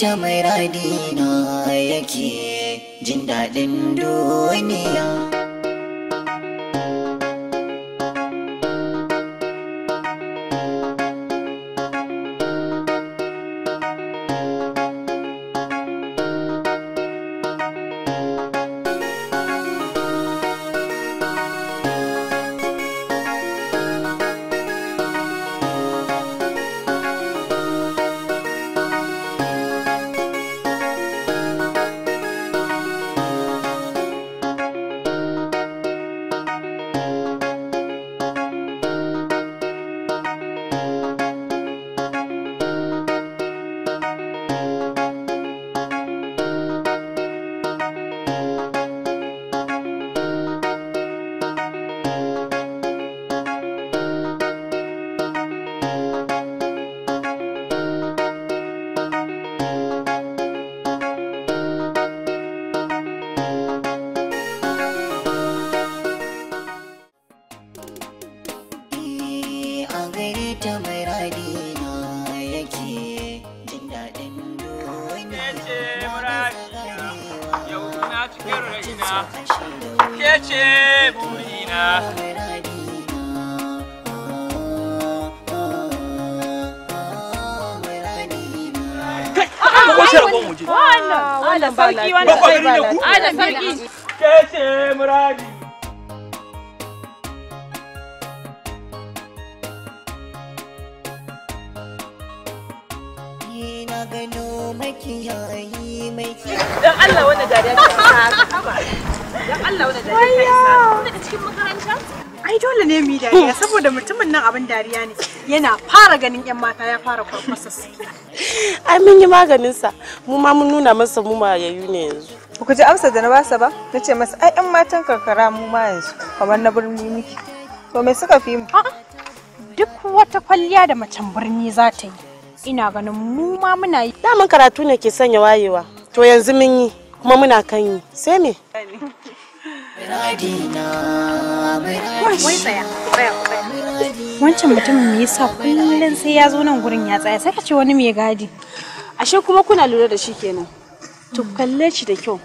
ta mai radina yake jin daɗin duniya sarki wani ai ba a da sarki ke muradi na gano makiyayi mai dan Allah wanda dariya ta sa dan Allah wanda dariya ta sa cikin makaranta ai dole ne mu dariya saboda mutumin nan abin dariya ne yana fara ganin yan mata ya fara kwarkwasa ai mun yi maganin sa mu ma mun nuna masa mu yayu ne yanzu ku ji amsa da na basa ba na ce masa ai matan karkara mu ma yanzu kamar na birni miki to me suka fi mu duk wata kwalliya da macen birni za ta yi ina ganin mu ma muna yi daman karatu ne ke sanya wayewa to yanzu mun yi kuma muna kan yi sai me wancan mutumin me yasa kullum sai ya zo nan gurin ya tsaya sai ka ce wani mai gadi ashe kuma kuna lura da shi kenan to kalle shi da kyau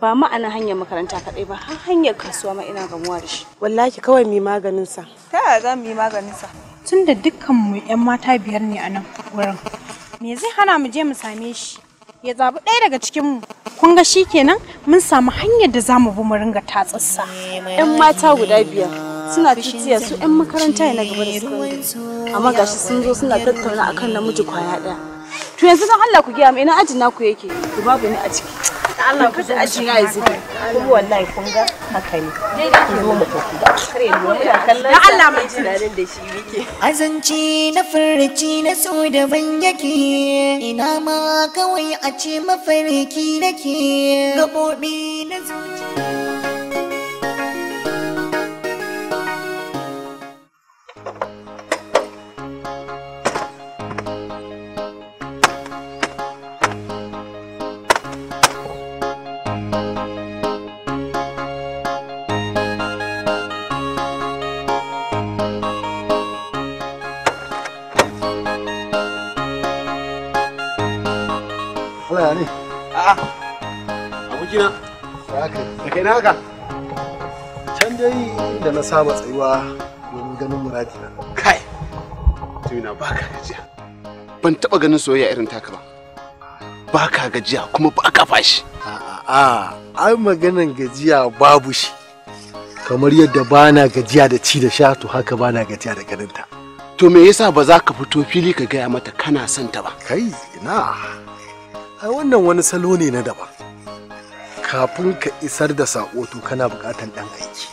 ba ma'ana hanyar makaranta kadai ba har hanyar kasuwa ma ina gamuwa da shi wallahi kawai mu maganin sa ta yaya za mu yi maganin sa tunda dukkan mu yan mata biyar ne a nan wurin me zai hana mu je mu same shi ya zabi ɗaya daga cikin mu kun ga shi kenan mun samu hanyar da za mu bi mu ringa tatsassa yan mata guda biyar suna titiya su 'yan makaranta na gaba da su. amma gashi sun zo suna tattauna akan namiji kwaya ɗaya To yanzu dan Allah ku gaya mu ina ajin naku yake? Ku babu ni a ciki. Da Allah ku ji ajin ya yanzu. Ku wallahi kun ga haka ne. Daidai ke zo mu tafi. Kare ni ina kallon. Dan Allah mai tunanin da shi yake. Azanci na furci na so ban yake. Ina ma kawai a ce mafarki nake. Gabobi na zuciya. Allah ne. A'a. Abokina. Da na haka. dai na saba tsayuwa domin ganin muradi na. Kai. Tuna ba ka gajiya. Ban taba ganin soyayya irin taka ba. Ba ka gajiya kuma ba ka fashi. a ai maganan gajiya babu shi kamar yadda bana gajiya da ci da sha to haka bana gajiya da ganinta to me yasa ba za ka fito fili ka gaya mata kana son ta ba kai ina ai wannan wani salo ne na daban kafin ka isar da sako to kana bukatan dan aiki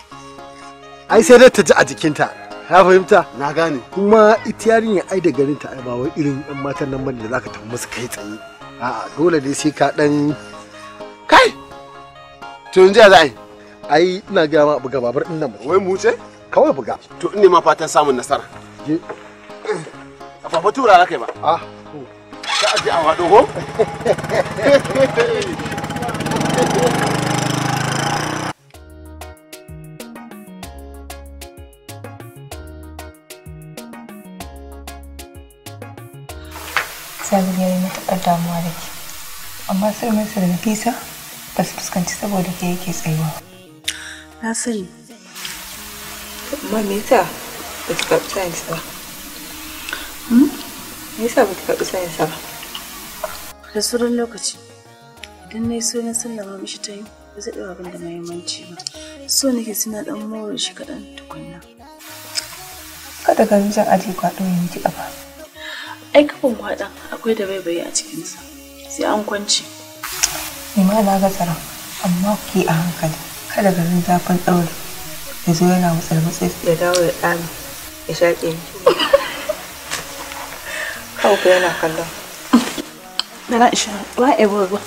ai sai ta ji a jikinta ka fahimta na gane kuma ita yarinya ai da ganinta ta ai ba wai irin yan matan nan bane da zaka tafi musu kai tsaye a'a dole ne sai ka dan kai to yanzu ya za a yi ai ina gaya ma buga babar ɗin nan wai mu ce kawai buga to in ma fatan samun nasara je a fafa tura ah. na kai ba a ka aje a wado ko Sani ya yi matuƙar damuwa da ke, amma sai mai sarrafi ba su fuskanci saboda ke yake tsayuwa na sani mami me yasa ba ki karɓi science ba hmm? me yasa ba ki karɓi science ba da sauran lokaci idan na yi so na ba mishi ta yi ba zai ɗau abin da mahimmanci ba so nake suna ɗan more shi kaɗan tukunna kada ka zan aje kwaɗo ya miki ƙafa ai kafin kwaɗon akwai da bai a cikinsa sai an kwance ni ma na ga tsaron amma ki a hankali kada garin zafin ɗaure ya zo yana matsar matsar ya dawo ya ɗame ya shaƙe ni kawo ka yana kallon na isha, ba a yi ba.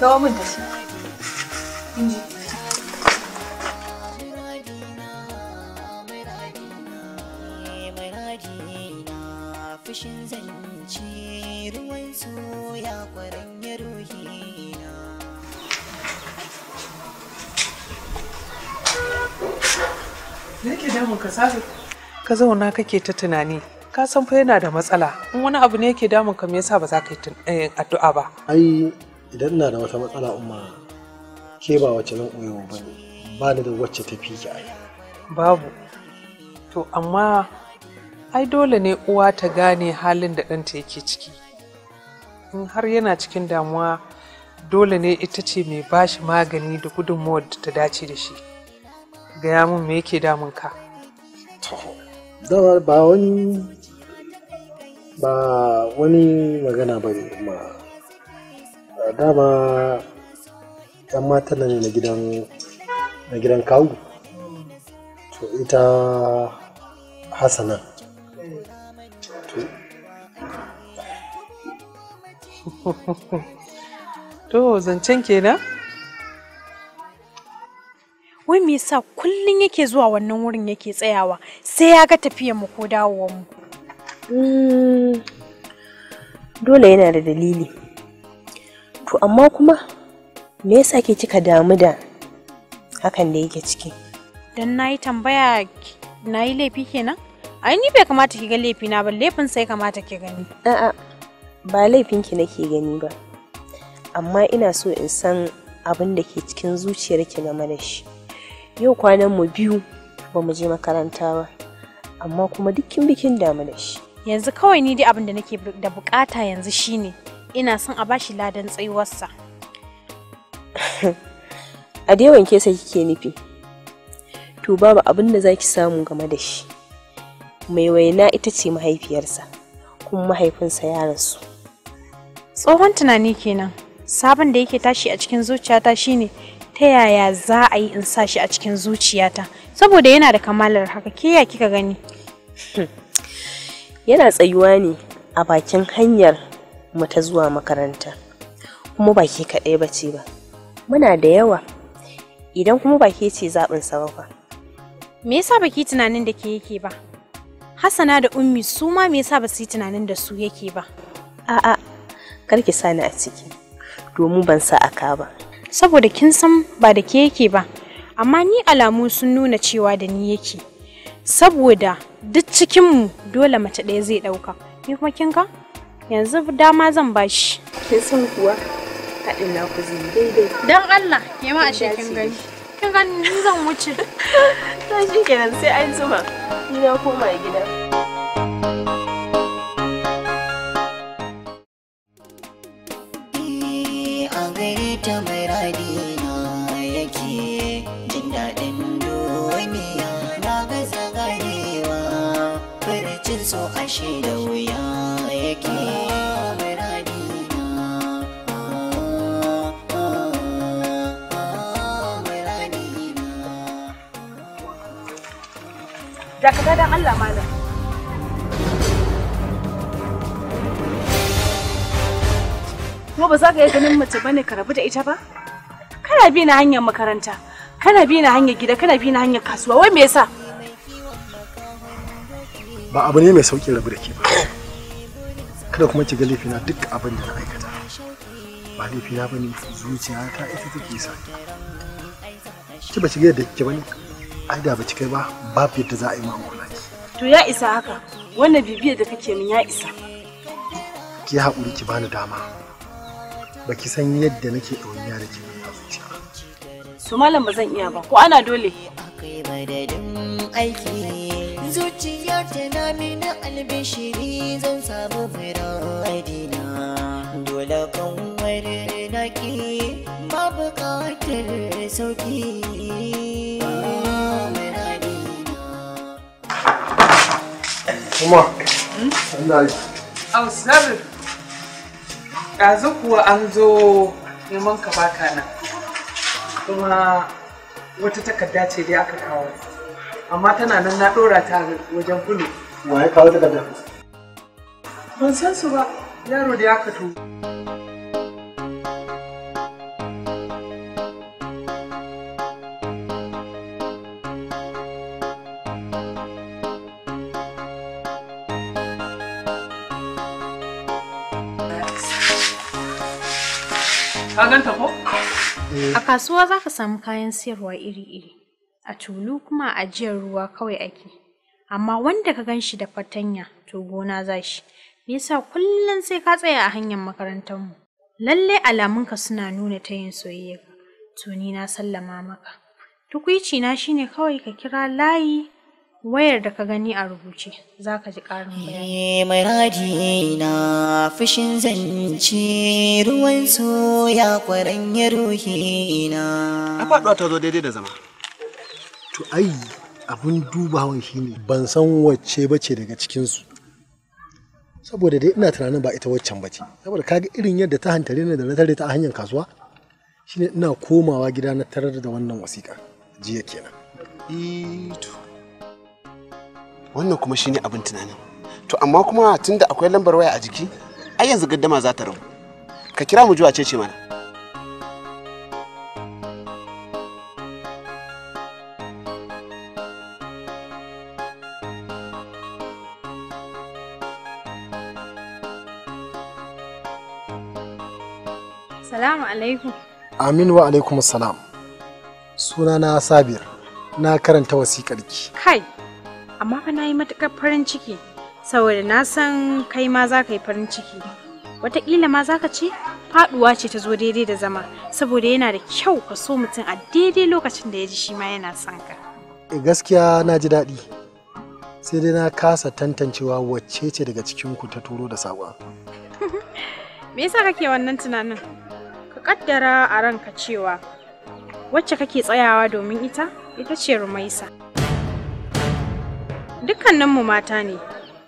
Zawo min da shi. ka sasu ka zauna kake ta tunani ka san fa yana da matsala in wani abu ne yake damun ka me yasa ba za ka yi eh, addu'a ba ai idan ina da wata matsala umma ke ba wacce nan koyo ba ne ba ni da wacce ta fi ki ai babu to amma ai dole ne uwa ta gane halin da ɗanta yake ciki in har yana cikin damuwa dole ne ita ce mai bashi magani da gudunmuwar da ta dace da shi gaya min me yake damun ka dama ba wani ba wani magana ba ne A dama yan matan ne na gidan na gidan kawu to ita hasana to zancen kenan wai me yasa kullun yake zuwa wannan wurin yake tsayawa sai ya ga tafiyar mu ko dawowar mu hmm, dole yana da dalili to amma kuma me yasa ke kika damu da hakan da yake ciki dan nayi tambaya nayi laifi kenan ai ni bai kamata ki ga laifi na ba laifin sai kamata ki gani a'a ba laifin ki nake gani ba amma ina so in san abin da ke cikin zuciyarki na da shi yau kwanan mu biyu ba mu je makaranta ba amma kuma dukkin bikin damu da shi yanzu kawai ni dai abin da nake da bukata yanzu shine ina son a bashi ladan tsayuwarsa a dai wanke sai kike nufi to babu abin da zaki samu game da shi mai waina ita ce mahaifiyarsa kuma mahaifinsa ya rasu tsohon tunani kenan sabon da yake tashi a cikin zuciyata shine ta yaya za a yi in sa shi a cikin zuciyata saboda yana da kamalar haka ke ya kika gani yana tsayuwa ne a bakin hanyar mu ta zuwa makaranta kuma ba ke kaɗai ba ce ba muna da yawa idan kuma ba ke ce zaɓin sababa. me yasa baki tunanin da ke yake ba Hassana da Ummi su ma me yasa ba su yi tunanin da su yake ba a'a kar ki sani a ciki domin ban sa aka ba saboda kin san ba da ke yake ba amma ni alamu sun nuna cewa da ni yake saboda duk cikinmu dole mace ɗaya zai ɗauka ni kuma kin ga yanzu dama zan bashi kin san kuwa haɗin na ku zai daidai don Allah ke ma a kin gani kin gani ni zan wuce to shi kenan sai an zuma ni na koma gida gare ta mai radina yake jin daɗin duniya na gaza ganewa farcin so ashe da wuya yake mai radina Dakata Allah malam. kuma ba za ka yi ganin mace bane ka rabu da ita ba kana bi na hanyar makaranta kana bi na hanyar gida kana bi na hanyar kasuwa wai me yasa ba abu ne mai sauƙin rabu da ke ba kada kuma ki ga laifina duk abin da na aikata ba laifina ba ne zuciya ta ita take sa ki ba ki ga kike ba ne ai da ba ki kai ba babu yadda za a yi ma mu to ya isa haka wannan bibiyar da kake min ya isa ki haƙuri ki bani dama baki san yadda nake ɗauniya da ke nuna zuciya. Su malam ba zan iya ba, ko ana dole. Zuciya ta na mina albishiri zan samu muradina. Dole kanwar naki ba buƙatar sauki. Kuma, hmm? Allah yi. Ausabir. ɗazu kuwa an zo neman ka baka nan kuma wata takarda ce dai aka kawo amma tana nan na ɗora ta wajen kulu wa ya kawo takarda ban san su ba yaro da aka tuba Ka ganta ko? Eh. A kasuwa za ka samu kayan siyarwa iri-iri. A tulu kuma a ajiyar ruwa kawai ake. Amma wanda ka gan shi da fatanya to gona za shi. nisa kullum sai ka tsaya a hanyar makarantar mu? Lalle alamunka suna nuna ta yin soyayya. To ni na sallama maka. Tukuici na shine kawai ka kira layi wayar da ka gani a rubuce za ka ji ƙarin bayani. mai radi fushin zance ruwan soya kwaran ya ruhi na. ta zo daidai da zama. To ai abun dubawan ne. ban san wacce bace daga cikinsu. Saboda dai ina tunanin ba ita waccan bace. Saboda kaga irin yadda ta hantare ni da na tare ta a hanyar kasuwa shine ina komawa gida na tarar da wannan wasiƙa jiya kenan. Ito. wannan kuma shine abin tunanin to amma kuma tunda akwai lambar waya a jiki ai yanzu gaddama za ta rabu ka kira mu juwa ce mana wa alaikum salam. Sunana Sabir, na karanta wasiƙarki. Kai, amma fa na yi matuƙar farin ciki saboda na san kai ma za ka yi farin ciki wataƙila ma za ka ce faɗuwa ce ta zo daidai da zama saboda yana da kyau ka so mutum a daidai lokacin da ya ji shi ma yana son ka eh, gaskiya na ji daɗi sai dai na kasa tantancewa wacce ce daga cikin ku ta turo da saƙon me yasa kake wannan tunanin ka kaddara a ranka cewa wacce kake tsayawa domin ita ita ce rumaisa dukkaninmu mata ne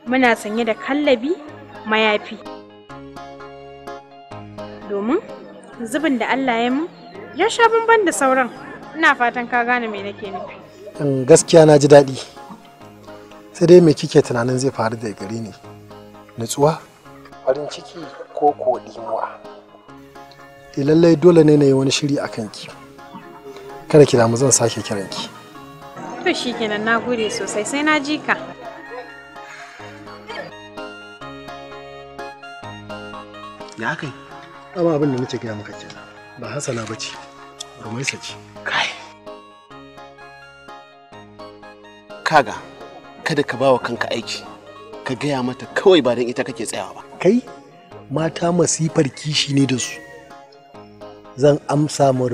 muna sanye da kallabi mayafi domin zubin da Allah ya mu ya sha bamban da sauran ina fatan ka gane me nake nufi gaskiya na ji daɗi sai dai me kike tunanin zai faru da gari ne nutsuwa farin ciki ko ko dimuwa eh, lallai dole ne na yi wani shiri a kanki kada ki damu zan sake kiranki To shi kenan na gode sosai sai na ji ka. Ya kai? Amma abin da nace gaya maka kenan. Ba Hassana ba ce, Rumaisa ce. Kai. Kaga, kada ka bawa kanka aiki. Ka gaya mata kawai ba don ita kake tsayawa ba. Kai, mata masifar kishi ne da su. Zan amsa ma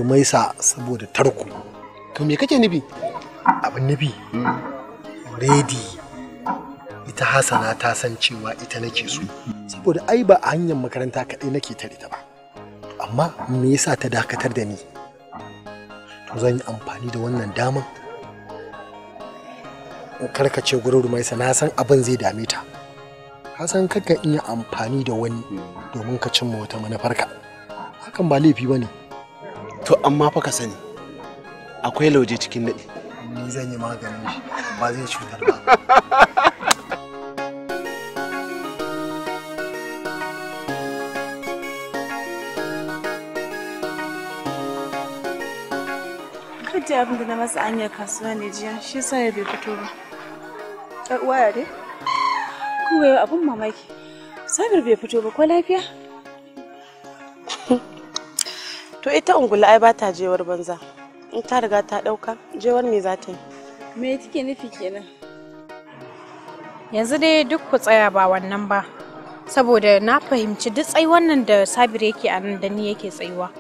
saboda tarko. To me kake nufi? abin nufi redi ita hasana ta san cewa ita nake so saboda ai ba a hanyar makaranta kaɗai nake tare ta ba amma me yasa ta dakatar da ni to zan yi amfani da wannan damar in karkace gurin sa na san abin zai dame ta ka san kakan iya amfani da wani domin ka cimma wata manufarka hakan ba laifi ba ne to amma fa ka sani akwai lauje cikin daɗi ni zan yi maganin shi ba zai cutar ba Kaji abin da na masa hanyar kasuwa ne jiya shi sa ya bai fito ba. Ɗan waya dai? Kuma yau abin mamaki. Sabir bai fito ba ko lafiya? To ita ungula ai ba ta jewar banza. in ta riga ta ɗauka jewar me za ta yi me kike nufi kenan yanzu dai duk ku tsaya ba wannan ba saboda na fahimci duk tsai wannan da sabir yake a nan da ni yake tsayuwa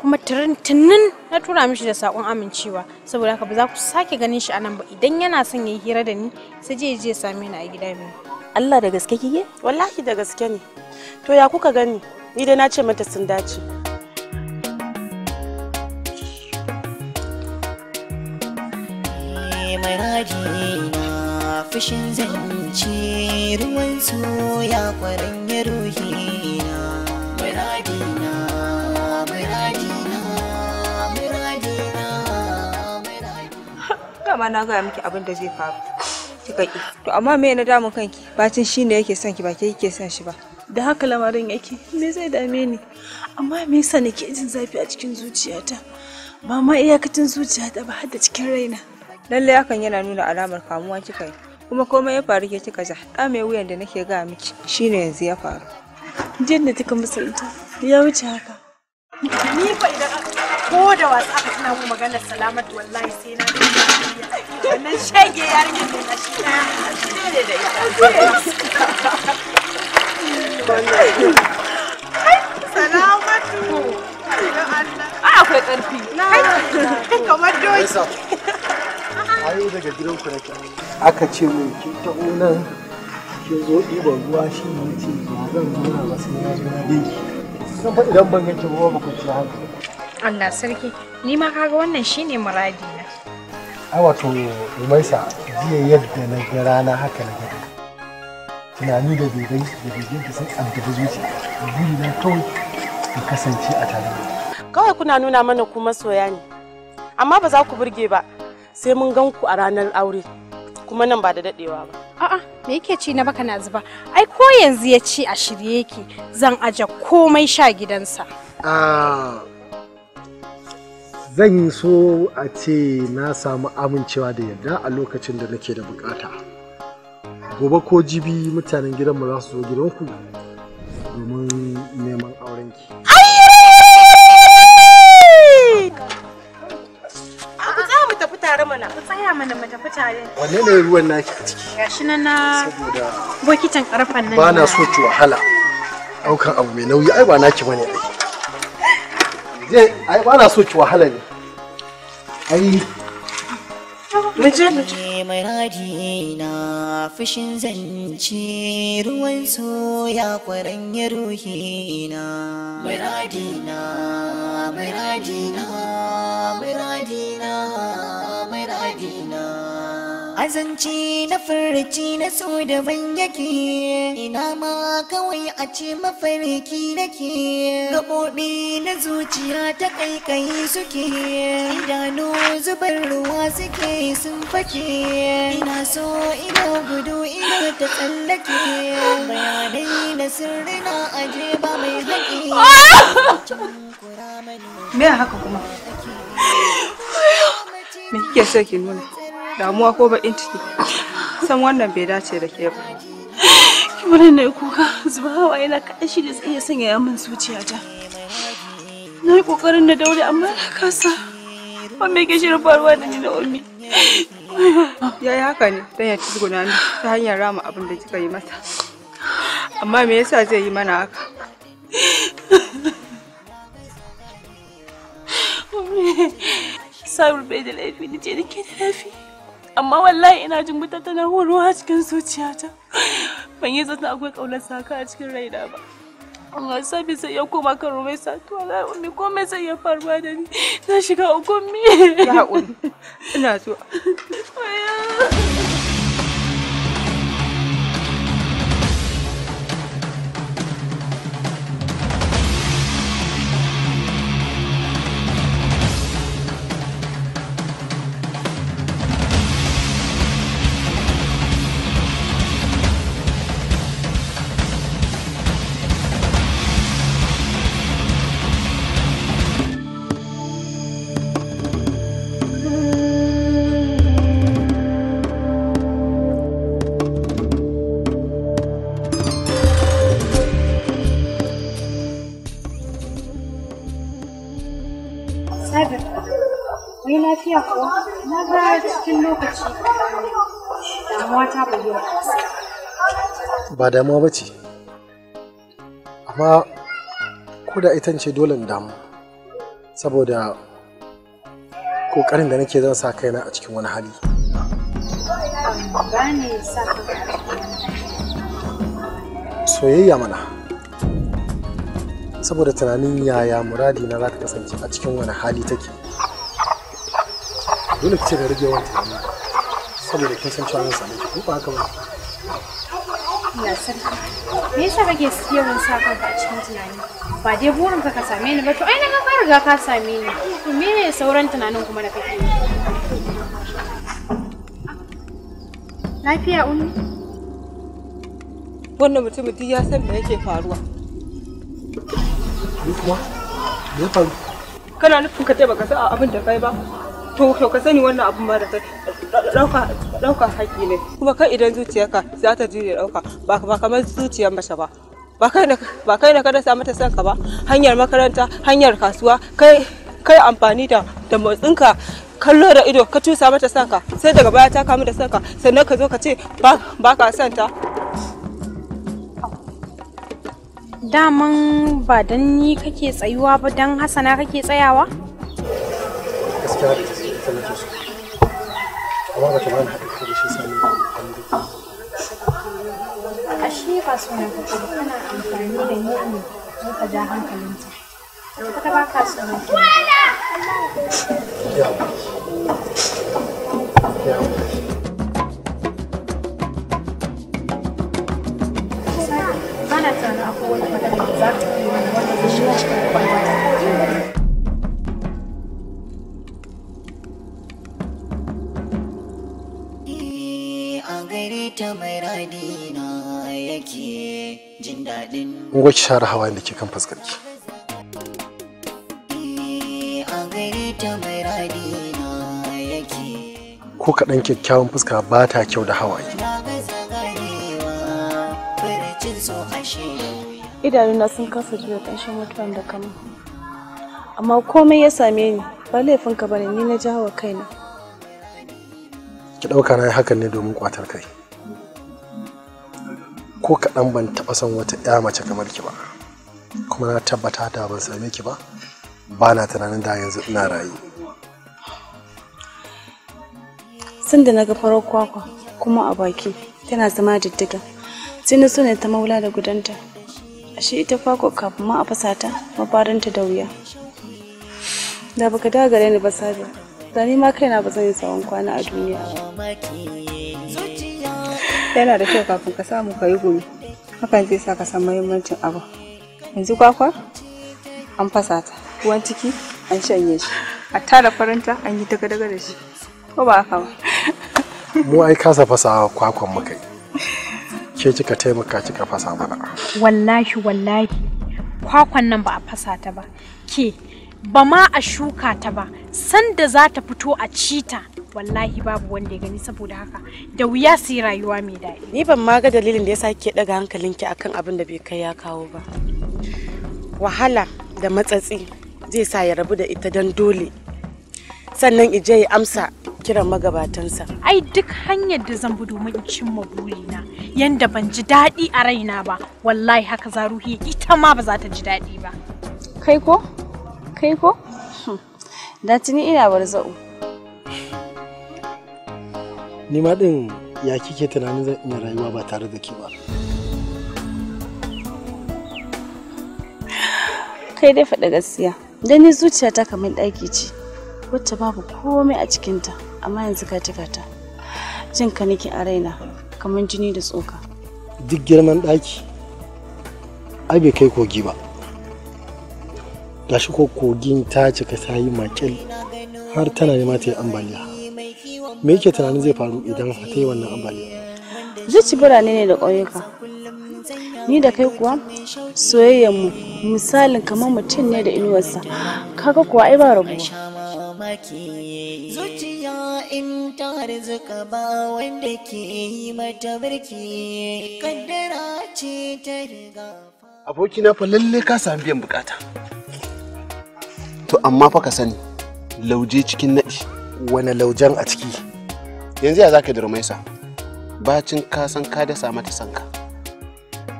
kuma tunin na tura mishi da sakon amincewa saboda haka ba za ku sake ganin shi a nan ba idan yana son ya yi hira da ni sai je je same ni a gida mai Allah da gaske kike wallahi da gaske ne to ya kuka gani ni dai na ce mata sun dace taushin zance ruwan soya kwarin ya ruhi na muradina na gaya miki abin da zai faru kika to amma me na damun kanki bacin shine yake son ki ba ke kike son shi ba da haka lamarin yake me zai dame ni amma me yasa nake jin zafi a cikin zuciyata ba ma iyakacin zuciyata ba har da cikin raina lallai hakan yana nuna alamar kamuwa kika yi kuma komai ya faru ke kika ja ɗa mai wuyan da nake ga miki shine yanzu ya faru jin da kika musulunta ya wuce haka ni fa idan ko da wasu aka tana mu magana salamat wallahi sai na wannan shege yarinyar ne na shi ne da ita Salamatu. Ai akwai ƙarfi. Na kamar doki. ayo daga gidan ku nake aka ce min kin taho nan kin zo ɗiban ruwa shi ne ce ba zan zauna ba sai ya zo na dinki san fa idan ban ganki ruwa ba ku ci haka Allah sarki ni ma kaga wannan shine muradi na ai wato umaisa jiya yadda na ga rana haka na gari tunani da dogai da dogai da sai sun ƙaddada zuciya buri na kawai ka kasance a tare kawai kuna nuna mana kuma soya ne amma ba za ku burge ba sai mun gan ku a ranar aure kuma nan ba da dadewa ba a'a me yake ci na baka na zuba ai ko yanzu ya ce a shirye yake zan aje komai sha gidansa ah, zan so a ce na samu amincewa da yadda a lokacin da nake da bukata gobe ko jibi mutanen gidanmu za su zo gidanku domin neman aurenki. tare mana ka tsaya mana mu tafi tare wanne ne ruwan naki a ciki gashi nan na saboda karfan nan ba na so ci wahala daukan abu mai nauyi ai ba naki bane ai zai ai ba na so ci wahala ne ai mai radi na fushin zance ruwan soya kwaran ya ruhi na mai radi na mai radi na mai radi na madina azanci na farci na so daban yake ina ma kawai a ce mafarki nake gaɓoɓi na zuciya ta kaikayi suke idanu zubar ruwa suke sun fake ina so ina gudu ina ta tsallake bayanai na sirri na aje ba mai haƙi ah! me me kike so ki nuna damuwa ko bakin ciki san wannan bai dace da ke ba ki bari na kuka zuba hawa yana kaɗa shi da tsaye sanya ya min ta. na yi ƙoƙarin na daure amma na kasa wanda yake shirin faruwa da ni na ummi ya yi haka ne don ya ci ni ta hanyar rama abin da kika yi mata amma me yasa zai yi mana haka sabir bai da laifi da ce da da laifi amma wallahi ina jin wuta tana horo a cikin zuciyata ban yi zata akwai ƙaunar saka a cikin raina ba amma sabi sai ya koma kan rumai satuwa na umi komai sai ya faruwa da ni na shiga hukumi ya haƙuri ina zuwa ba damuwa ba ce amma ko da ita ce dole in damu saboda kokarin da nake zan sa kaina a cikin wani hali soyayya mana saboda tunanin yaya muradi na za ta kasance a cikin wani hali take dole ki ce da rage wani tunani saboda kin san cewa zan same ki ko ba haka ba Allah sarki me yasa kake yawan sa kanka a cikin tunani ba dai burin ka ka same ni ba to ai na ka riga ka same ni to me sauran tunanin kuma da kake yi lafiya umi wannan mutumin duk ya san me yake faruwa ni kuma me faru kana nufin ka ce baka san abin da kai ba to to ka sani wannan abin ma da kai ɗauka haƙƙi ne kuma kai idan zuciyarka za ta jure ɗauka ba kamar zuciyar mace ba ba kai ka dasa mata sanka ba hanyar makaranta hanyar kasuwa kai amfani da da motsinka kallo da ido ka cusa mata sanka sai daga baya ta kamu da sanka sannan ka zo ka ce ba ka santa. daman ba don ni kake tsayuwa ba dan hasana kake tsayawa gaskiya ومرة كمان حكي شيء ثاني عندك أشي kasuwa ta kuma kana amfani da yin muka ja hankalinta. Da wata ba kasuwa ta. Yeah. Yeah. ana tunanin akwai wani magana da za ta yi wani wanda zai shiga cikin kwakwalwa gare ta mai radina yake jin daɗin gwaki share hawayen da ke kan fuskarki a gare ta mai radina yake ko kaɗan kyakkyawan fuska ba ta kyau da hawaye idanuna sun kasa juya ƙarshen mutuwan da kama amma komai ya same ni ba laifinka ne, ni na jawo kaina ki ɗauka na hakan ne domin kwatar kai ko kaɗan ban taɓa san wata ya mace kamar ki ba kuma na tabbata da ban same ki ba ba na tunanin da yanzu ina rayu sun da na ga farar kwakwa kuma a baki tana zama diddiga sai na so ne ta maula da gudanta ashe ita kwakwa kafin ma a fasa ta mafarinta da wuya da baka dagare ni ba sabi da ma kaina ba zan yi tsawon kwana a duniya ba yana da kyau kafin ka samu ka yi gumi hakan zai sa ka san muhimmancin abu yanzu kwakwa an fasa ta ruwan ciki an shanye shi a tara farinta an yi daga-daga da shi ko ba haka ba mu ai kasa fasa kwakwan muka yi ke kika taimaka kika fasa mana wallahi wallahi kwakwan nan ba a fasa ta ba ke ba ma a shuka ta ba sanda za ta fito a cita wallahi babu wanda ya gani saboda haka da wuya su yi rayuwa mai daɗi. Ni ban ma ga dalilin da ya sake hankalin hankalinki akan abin da bai kai ya kawo ba. Wahala da matsatsi zai sa ya rabu da ita don dole. Sannan ije ya amsa kiran magabatansa. Ai duk hanyar da zan bi domin in cimma burina yanda ban ji daɗi a raina ba wallahi haka zaruhi ita ma ba za ta ji daɗi ba. Kai ko? kai ko? Da tuni ina za'u. Ni ma din ya kike tunanin zan iya rayuwa ba tare da ke ba. Kai dai faɗa gaskiya. Dan ni zuciya ta kamar ɗaki ce. Wacce babu komai a cikinta, amma yanzu ka cika ta. Jin ka nake a raina, kamar jini da tsoka. Duk girman ɗaki, ai bai kai kogi ba. shi ko kogin ta cika ta yi makil har tana nema ta yi ambaliya me yake tunanin zai faru idan ta yi wannan ambaliya zuci birane ne da ƙauyuka ni da kai kuwa soyayyar mu misalin kamar mutum ne da inuwarsa kaga kuwa ai ba rabu zuciya in ta harzuka ba wanda ke yi mata birki kaddara ce ta riga abokina fa lalle ka sami biyan bukata to amma fa ka sani lauje cikin naɗi wani laujen a ciki yanzu ya zaka durmaisa bacin ka san ka dasa mata sanka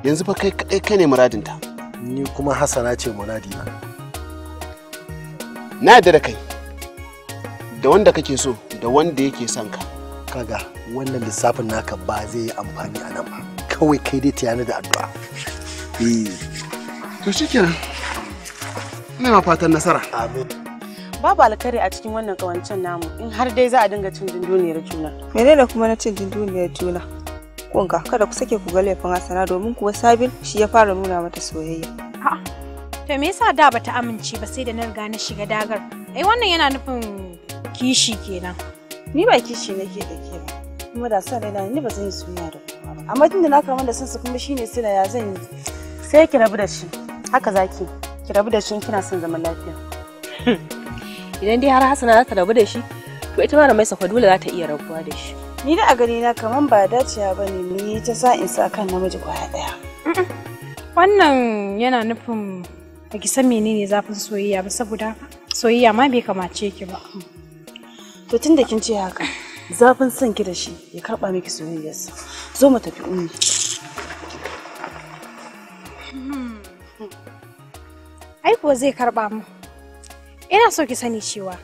yanzu fa kai kaɗai ka ne muradinta ni kuma Hassana ce muradi na yadda da kai da wanda kake so da wanda yake son ka kaga wannan lissafin naka ba zai yi amfani a nan ba kawai kai dai tiyana da addu'a eh to shikenan Ina fatan nasara. Amin. Babu alkhairi a cikin wannan kawancen namu in har dai za a dinga cin dunduniyar juna. Menene kuma na cin dunduniyar juna? Kunga kada ku sake ku ga laifin Hassana domin kuwa Sabil shi ya fara nuna mata soyayya. A'a. To me yasa da bata amince ba sai da na riga na shiga dagar? Ai wannan yana nufin kishi kenan. Ni ba kishi nake da ke ba. Kuma da sa raina ni ba zan yi suna da kuma ba. Amma tunda na kama da sun su kuma shine suna ya zan yi. Sai ki rabu da shi. Haka zaki. ki rabu da shi kina son zaman lafiya idan dai har hasana za ta rabu da shi to ita ma da mai safa dole za ta iya rabuwa da shi ni da a gani na kaman ba dacewa ba ne mu yi ta sa kan namiji kwaya daya wannan yana nufin ba ki san menene zafin soyayya ba saboda soyayya ma bai kamace ki ba to tun da kin ce haka zafin son ki da shi ya karba miki soyayyarsa zo mu tafi ummi ai kuwa zai karba mu ina so ki sani cewa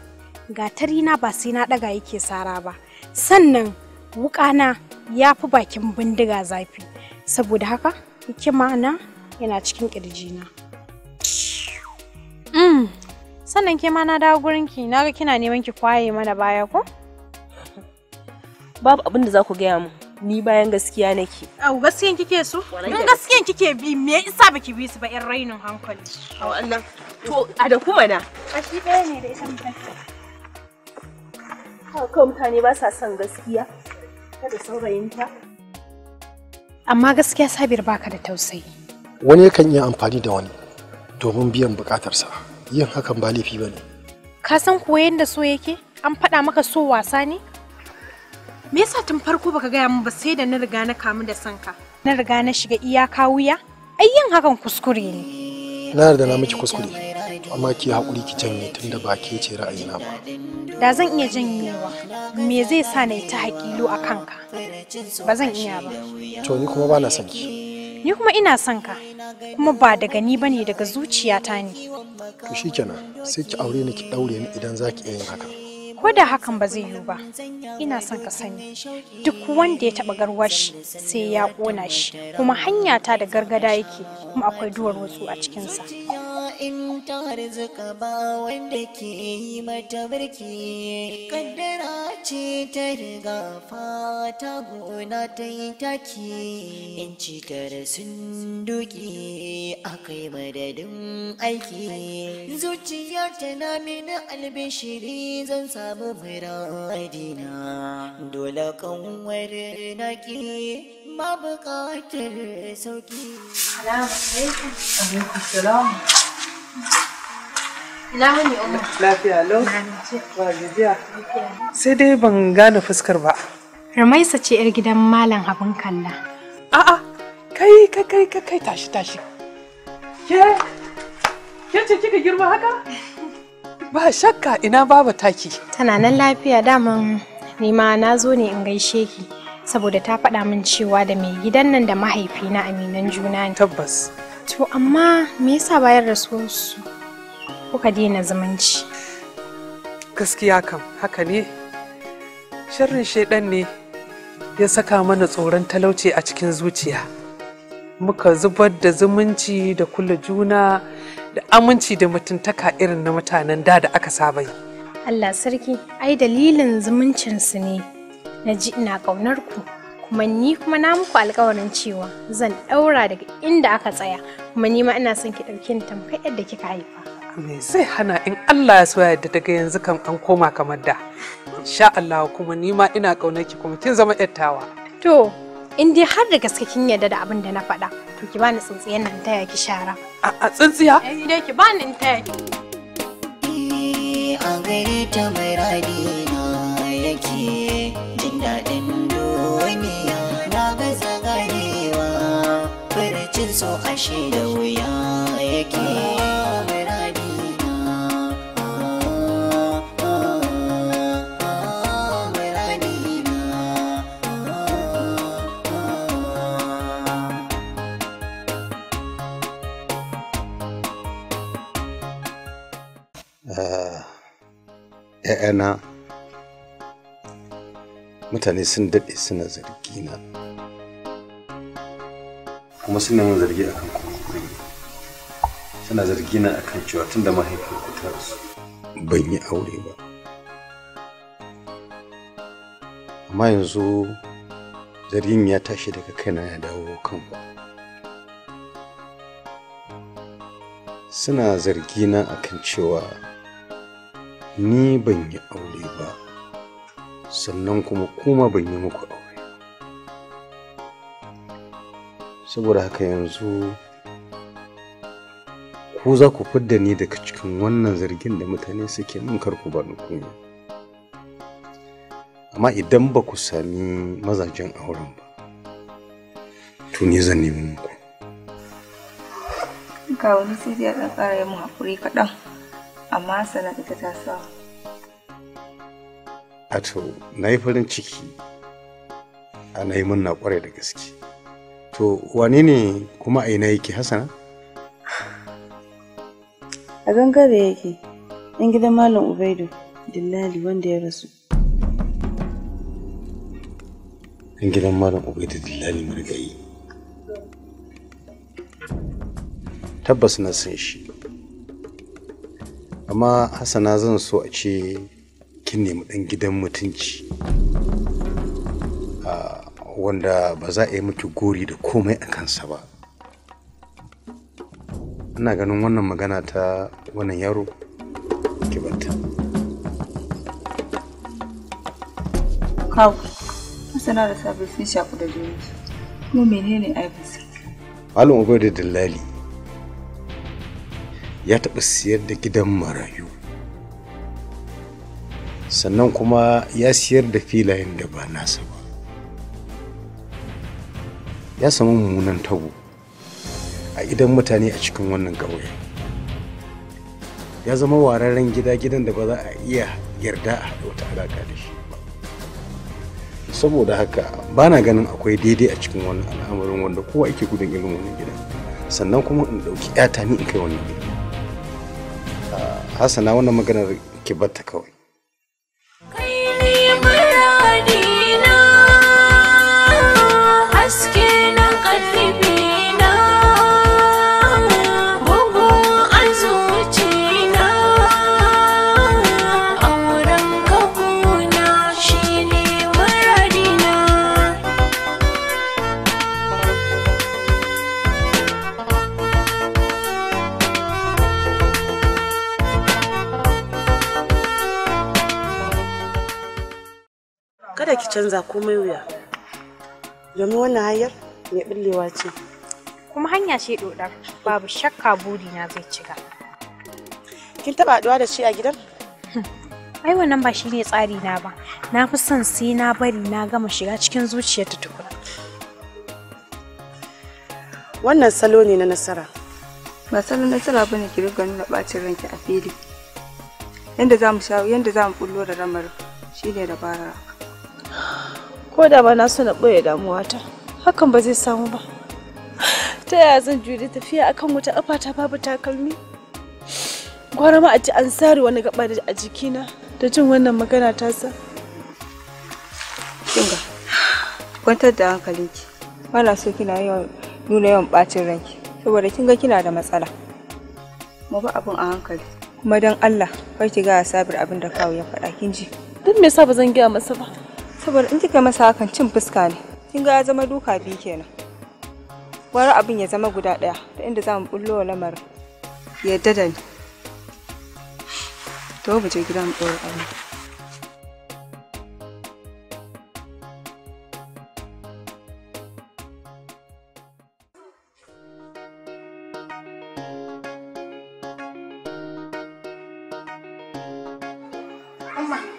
gatari na ba sai na daga yake sara ba sannan wukana ya fi bakin bindiga zafi saboda haka hikima na yana cikin kirjina mm. sannan ke ma na dawo gurinki na ga kina neman ki kwaye mana baya ko babu abin da za ku gaya mu ni bayan gaskiya nake. Au gaskiyan kike so? In gaskiyan kike bi me yasa baki bi su ba in rainin hankali. Au Allah. To a da kuma na. A shi ɗaya ne da ita mutane. Kawai mutane ba sa son gaskiya. Kada saurayinta. Amma gaskiya Sabir baka da tausayi. Wani kan iya amfani da wani domin biyan bukatarsa. Yin hakan ba laifi ba ne. Ka san kuwa yadda so yake? An faɗa maka so wasa ne? me yasa tun farko baka gaya min ba sai da na riga na kamu da sanka na riga na shiga iyaka wuya ai yin hakan kuskure ne na yarda na miki kuskure amma ki haƙuri ki janye tunda ba ke ce ra'ayina ba da zan iya janyewa me zai sa na yi ta haƙilo a kanka ba zan iya ba to ni kuma ba na son ki ni kuma ina son ka kuma ba daga ni bane daga zuciyata ne to shikenan sai ki aure ni ki daure ni idan zaki ki iya yin hakan ko da hakan ba zai yiwu ba ina son ka sani duk wanda ya taɓa garwashi sai ya ƙona shi kuma hanya ta da gargada yake kuma akwai duwar wutsu a cikinsa in ta harzuka ba wanda ke yi mata birki kaddara ce ta riga fata gona ta yi taki in tara sun duki kai madadin aiki zuciya na mini albishiri zan samu adina dole kanwar ke ma bukatar sauki Assalamu alaikum. Alaikum Lafiya lau? Ba Sai dai ban gane fuskar ba. Ramaisa ce 'yar gidan Malam Abin Kalla. A'a, kai kai kai kai kai tashi tashi. Ke ke ce kika girma haka? Ba shakka ina baba taki. Tana nan lafiya daman ni ma na zo ne in gaishe ki saboda ta faɗa min cewa da mai gidan nan da mahaifina aminan juna ne. Tabbas. To amma me yasa bayar su su kuka daina zumunci? Gaskiya kam haka ne. Sharrin shaidan ne ya saka mana tsoron talauci a cikin zuciya. Muka zubar da zumunci da kula juna da aminci da mutuntaka irin na mutanen da da aka saba yi. Allah sarki, ai dalilin zumuncinsu ne. Na ji ina ƙaunar ku. kuma ni kuma na muku alƙawarin cewa zan ɗaura daga inda aka tsaya kuma ni ma ina son ki ɗauke ni tamkar yadda kika haifa me zai hana in Allah ya so yadda daga yanzu kan an koma kamar da insha Allah kuma ni ma ina kaunar ki kuma kin zama ƴattawa. to in dai har da gaske kin yarda da abin da na faɗa to ki bani tsintsiyar nan taya ki shara a tsintsiya eh dai ki bani in taya ki a gare ta mai na yake jin daɗin dole jin so ashe da wuya yake eh, ‘ya'yana mutane sun daɗe suna zargina kuma suna min zargi akan kuskure suna zargi na akan cewa tun da mahaifin ku ta rasu ban yi aure ba amma yanzu zargin ya tashi daga kaina ya dawo kan ku suna zargi na akan cewa ni ban yi aure ba sannan kuma kuma ban yi muku aure saboda haka yanzu ku za ku fidda ni daga cikin wannan zargin da mutane suke min ku ba kunya amma idan ba ku sami mazajen auren ba to ni zan nemi muku ga wani sai dai ɗan ƙara yin kaɗan amma sana ita ta sa ato na yi farin ciki ana yi na ƙwarai da gaske To wane ne kuma a ina yake Hassana? A gangare yake, ɗan gidan Malam Ubaidu, Dillali wanda ya rasu. Ɗan gidan Malam Ubaidu Dillali marigayi. Tabbas na san shi. Amma Hassana zan so a ce kin nemi ɗan gidan mutunci. wanda ba za a yi miki gori da komai a kansa ba ina ganin wannan magana ta wannan yaro ki bata kawo masana da sabi sun shafi da jini kuma menene ibc malum ubai da dalali ya taɓa siyar da gidan marayu sannan kuma ya siyar da filayen da ba nasa ba ya samu mummunan tabo a idan mutane a cikin wannan ƙauye ya zama wararen gida gidan da ba za a iya yarda a haɗa wata alaƙa da shi ba saboda haka ba na ganin akwai daidai a cikin wannan al'amarin wanda kowa ake gudun irin wannan gidan sannan kuma in ɗauki 'yata ni in kai wannan gidan ah, hasana wannan maganar ki batta kawai canza komai wuya domin wannan hanyar mai ɓullewa ce kuma hanya ce dodar babu shakka burina zai ciga kin taba haduwa da shi a gidan ai wannan ba shine tsari na ba na fi son sai na bari na gama shiga cikin zuciyar ta tukuna wannan salo ne na nasara ba salon nasara bane ki riga nuna bacin ranki a fili yanda za mu shawo yanda za mu bullo da ramar shine dabara ko da ba na so na ɓoye damuwata hakan ba zai samu ba ta yaya zan jure tafiya akan wata ƙafata babu takalmi gwara ma a ci an sari wani gaba da a jikina da jin wannan magana ta sa kinga kwantar da hankalinki ba na so kina yawan nuna yawan bacin ranki saboda kinga kina da matsala mu ba abin a hankali kuma don Allah kar ki ga sabir abin da kawo ya faɗa kin ji duk me yasa ba zan gaya masa ba saboda in kika masa hakan cin fuska ne kin ga ya zama duka biyu kenan wani abin ya zama guda ɗaya da inda za mu bullo wa lamarin yadda da ni to mu je gidan ɗora aure hmm?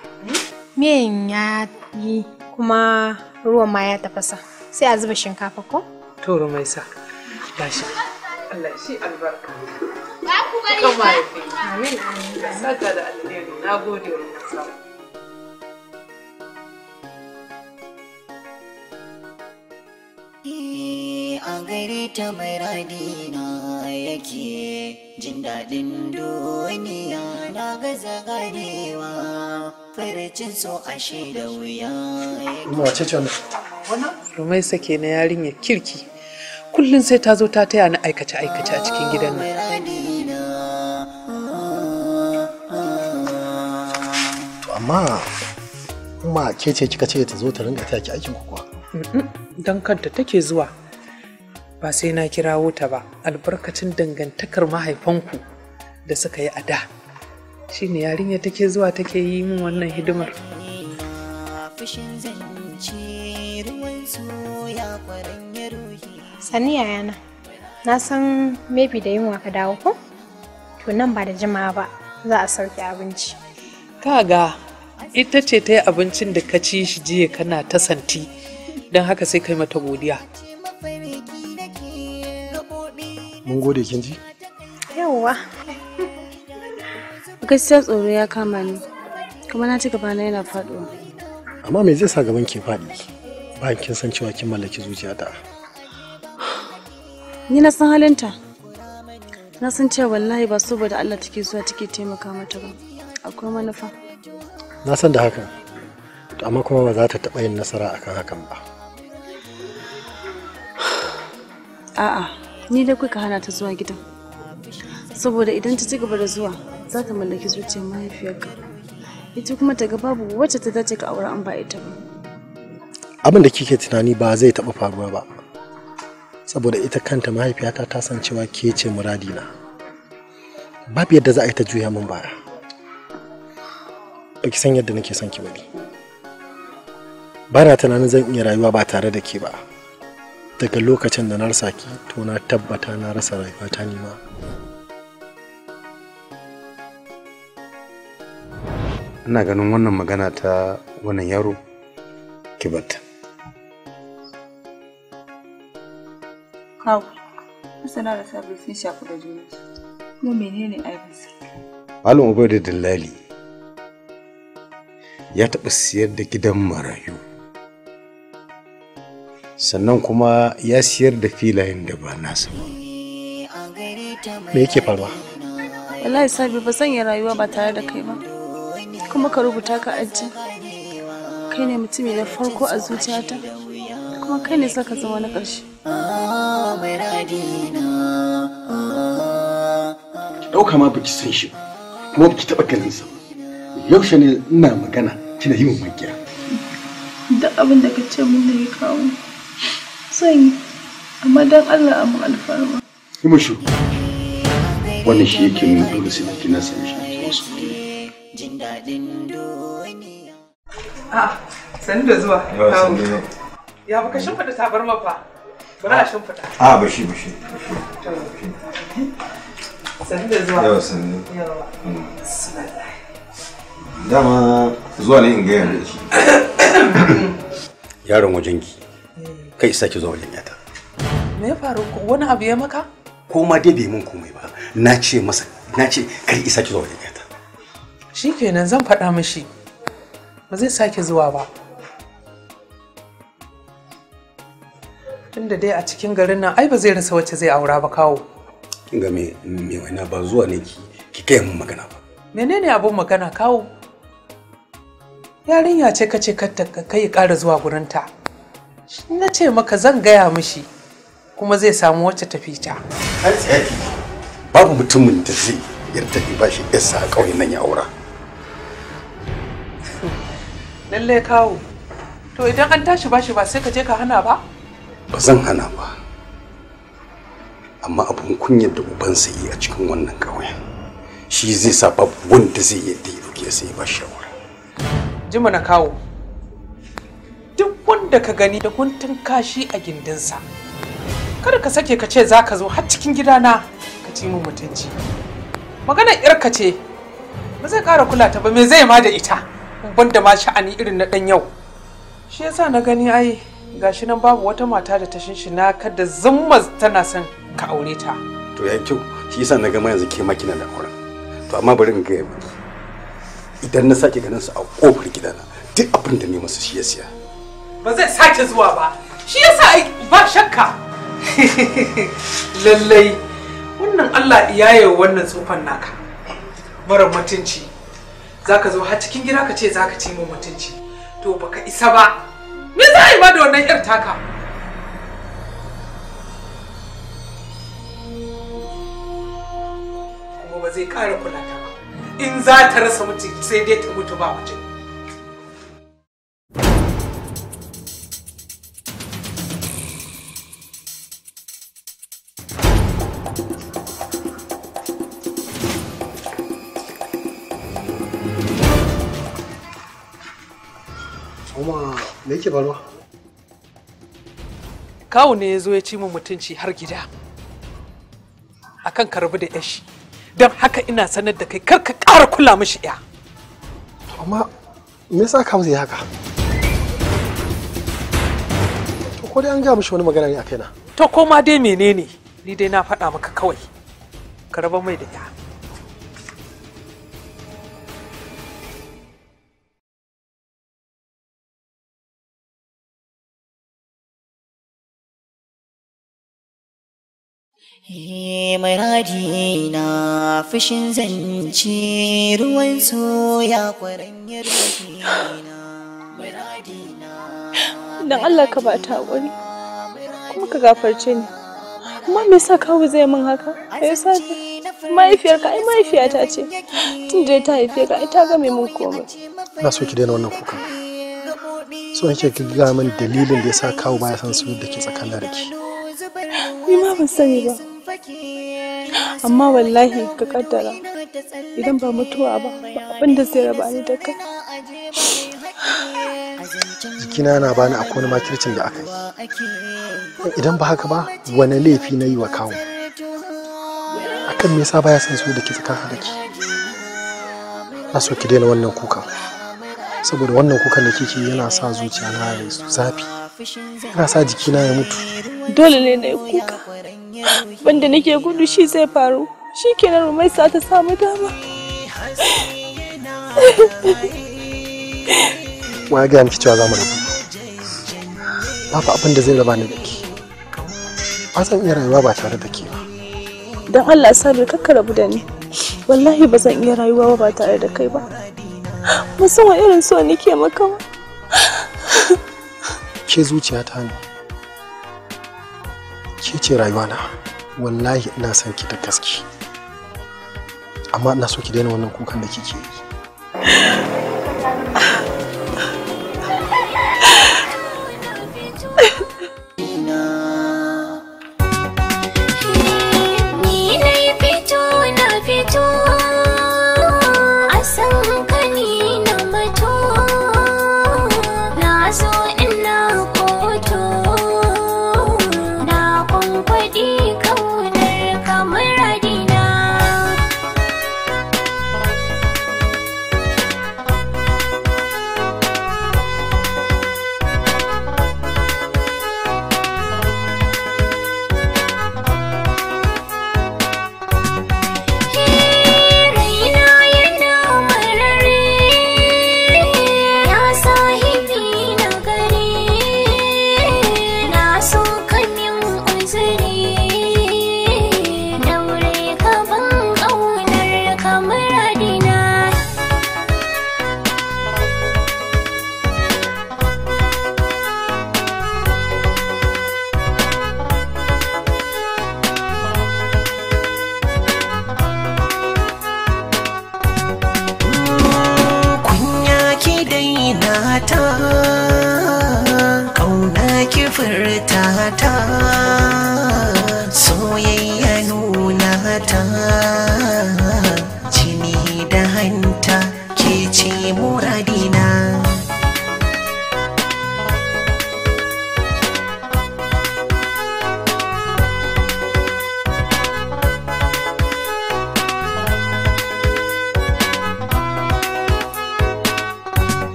Miyan yi kuma ruwan ma ya tafasa sai a zuba shinkafa ko? to mai sa gashi Allah shi albarka ka kuma yi amin amin saka da alheri na gode rumai sa a gare ta mai radina yake jin daɗin duniya na gaza garewa farcin so ashe da wuya wace rumai sake na yarinya kirki kullum sai ta zo ta taya ni aikace aikace a cikin gidan nan ah, ah. amma kuma ke ce kika ce ta zo ta ringa taya ki aikin ku kuwa don kanta take zuwa ba sai na kirawo ta ba albarkacin dangantakar mahaifanku da suka yi a da shi ne yarinya take zuwa take yi min wannan hidimar sani yayana na san maybe da yunwa ka dawo ko to nan ba da jimawa ba za a sauke abinci kaga ita ce ta yi abincin da ka ci shi jiya kana ta santi don haka sai kai mata godiya mun gode kin ji yawwa gaskiya tsoro ya kama ni kuma na ci gaba na yana faduwa amma me zai sa gaban ke faɗi bayan kin san cewa kin mallaki zuciya ta ni na san halinta na san cewa wallahi ba saboda Allah take zuwa take taimaka mata ba akwai manufa na san da haka amma kuma ba za ta taɓa yin nasara akan hakan ba A'a, ni da kuka hana ta zuwa gidan. Saboda idan ta ci gaba da zuwa, za ta mallaki zuciyar mahaifiyarka. Ita kuma ta ga babu wacce ta dace ka aure an ba ita ba. Abin da kike tunani ba zai taɓa faruwa ba. Saboda ita kanta mahaifiyata ta san cewa ke ce na. Babu yadda za a yi ta juya min baya. Baki san yadda nake son ki ba Ba na tunanin zan iya rayuwa ba tare da ke ba. daga lokacin da na rasa ki to na tabbata na rasa rayuwata ne ma ina ganin wannan magana ta wannan yaro kibarta kawo na da sabbin sun shafi da juna kuma menene aibinsa malam ubaidu dallali ya taɓa siyar da gidan marayu sannan kuma ya siyar da filayen da ba nasa ba me yake faruwa wallahi sabi ba zan yi rayuwa ba tare da kai ba kuma ka rubuta ka aji kai ne mutumi na farko a zuciyata kuma kai ne saka zama na ƙarshe ɗauka ma biki san shi kuma biki taɓa ganin sa yaushe ne ina magana kina yi mun magiya duk abin da ka ce mun da ya kawo Zan amma don Allah amma alfarma. Kuma shi wannan shi yake nuna dole sai kina sami shi wasu ah, sani da zuwa. Ya baka shimfiɗa tabar mafa. Bari a ah. shimfiɗa. Ah, bashi bashi. Sani da zuwa. Yawa sani. Yawa. Hmm. Dama zuwa ne in gaya da shi. Yaron wajenki. kai sake zuwa wajen yata me ya faru wani abu ya maka ko ma dai bai mun komai ba na ce masa na ce kai isa ki zuwa wajen yata kenan zan faɗa mishi ba zai sake zuwa ba tunda dai a cikin garin nan ai ba zai rasa wacce zai aura ba kawo ga me me wani ba zuwa ne ki ki kai mun magana ba menene abun magana kawo yarinya ce kace ka kai ƙara zuwa gurinta shi na ce maka zan gaya mishi kuma zai samu wacce tafi ta har tsaki babu mutumin da zai yarda da bashi yasa a ƙauyen nan ya aura lalle kawo to idan an tashi bashi ba sai ka je ka hana ba ba zan hana ba amma abun kunyar da ubansa yi a cikin wannan ƙauyen shi zai sa babu wanda zai yarda ya ɗauke sai ya bashi aura Jimana na kawo da ka gani da guntun kashi a gindinsa kada ka sake ka ce za ka zo har cikin gidana ka ci min mutunci maganar yarka ce ba zai kara kula ta ba me zai ma da ita banda ma sha'ani irin na ɗan yau shi yasa na gani ai gashi nan babu wata mata da ta na kada zumma tana son ka aure ta to ya kyau shi yasa na gama yanzu ke makina da auren to amma bari in gaya idan na sake ganin su a kofar gidana duk abin da ne masu shi ya siya ba zai sake zuwa ba shi yasa ba shakka lallai wannan Allah iyaye wannan tsufan naka mara mutunci zaka zo har cikin gida ka ce zaka ci mu mutunci to baka isa ba me za a yi ma da wannan yar taka kuma ba zai kara kula ta ba in za ta rasa mutu sai dai ta mutu ba mutum me yake faruwa kawu ne ya zo ya ci min mutunci har gida akan karbi da yashi don haka ina sanar da kai kar ka ƙara kula mishi ya amma me yasa kawu zai haka to ko dai an ga mishi wani magana ne a kaina to ko ma dai menene ni dai na faɗa maka kawai ka raba mai da ya Eh, Maradi na fushin zance ruwan soya kwaranyar na. Idan Allah ka ba ta haƙuri, kuma ka gafarce ni. Amma me yasa kawo zai min haka? Me yasa ka ai mahaifiyata ce. Tun da ta haife ka ai ta ga mai mun komai. Ina so ki daina wannan kuka. So yake ki ga min dalilin da yasa kawu ya san su da ke tsakanin da ke. Ni ma ban sani ba. amma wallahi ka kaddara idan ba mutuwa ba abin da zai raba ni da kai jikina na bani a kone makircin da aka yi idan ba haka ba wani laifi na yi wa kawo akan me yasa baya son su da ke tsakanin da ke na so ki daina wannan kuka saboda wannan kukan da kike yana sa zuciya na ya zafi yana sa jikina ya mutu dole ne na yi kuka Wanda nake gudu shi zai faru, shi ke Rumai Rumaisa ta samu dama. Wa gaya miki cewa za mu rabu. Babu abin da zai raba ni da ke. Ba zan iya rayuwa ba tare da ke ba. Don Allah Sabi kakka rabu da ni. Wallahi ba zan iya rayuwa ba tare da kai ba. Musamman irin so nake maka ba. Ke zuciya ta ne. ke ce rayuwa na wallahi ina son ki da gaske amma ina so ki daina wannan kukan da kike yi